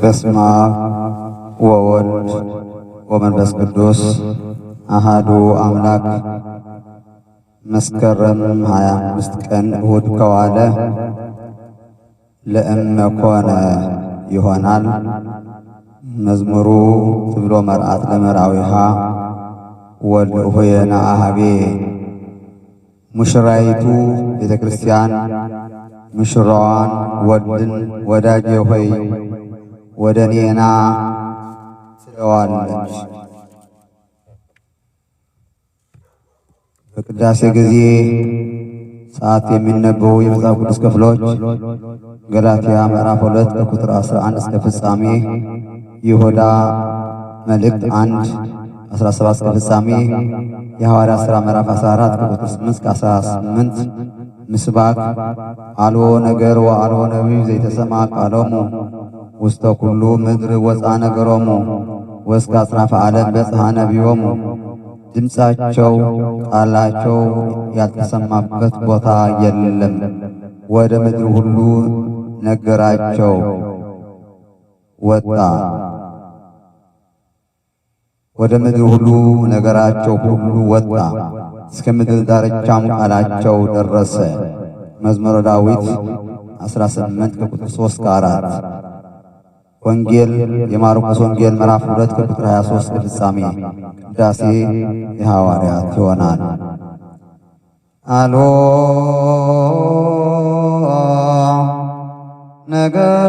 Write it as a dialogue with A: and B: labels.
A: በስመ አብ ወወልድ ወመንፈስ ቅዱስ አሃዱ አምላክ። መስከረም 25 ቀን እሁድ ከዋለ ለእመኮነ ይሆናል። መዝሙሩ ትብሎ መርአት ለመርአዊሃ ወልድሁየ ነአሃቤ ሙሽራይቱ ቤተ ክርስቲያን ሙሽራዋን ወድን ወዳጄ ሆይ ወደ እኔና ትለዋለች። በቅዳሴ ጊዜ ሰዓት የሚነበቡ የመጽሐፍ ቅዱስ ክፍሎች ገላትያ ምዕራፍ ሁለት ከቁጥር 11 እስከ ፍጻሜ፣ ይሁዳ መልእክት አንድ 17 እስከ ፍጻሜ፣ የሐዋርያት ሥራ ምዕራፍ 14 ከቁጥር 8 እስከ 18፣ ምስባክ አልቦ ነገር ወአልቦ ነቢብ ዘይተሰማ ቃሎሙ ውስተ ኩሉ ምድር ወፃ ነገሮሙ ወስከ አስራፈ ዓለም በጽሐ ነቢዮሙ። ድምፃቸው ቃላቸው ያልተሰማበት ቦታ የለም። ወደ ምድር ሁሉ ነገራቸው ወጣ ወደ ምድር ሁሉ ነገራቸው ሁሉ ወጣ። እስከ ምድር ዳርቻም ቃላቸው ደረሰ። መዝሙረ ዳዊት 18 ከቁጥር 3 ከ4 ወንጌል የማርቆስ ወንጌል ምዕራፍ 2 ቁጥር 23 ፍጻሜ ቅዳሴ የሐዋርያት ይሆናል።
B: አሎ ነገር